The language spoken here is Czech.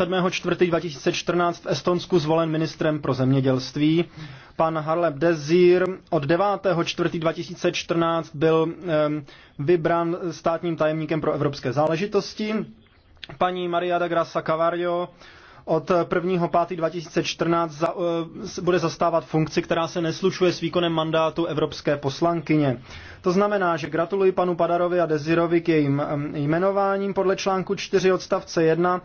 7.4.2014 v Estonsku zvolen ministrem pro zemědělství. Pan Harleb Dezir od 9.4.2014 byl vybrán státním tajemníkem pro evropské záležitosti. Paní Maria da Grasa Cavario od 1.5.2014 bude zastávat funkci, která se neslučuje s výkonem mandátu evropské poslankyně. To znamená, že gratuluji panu Padarovi a Dezirovi k jejím jmenováním podle článku 4 odstavce 1.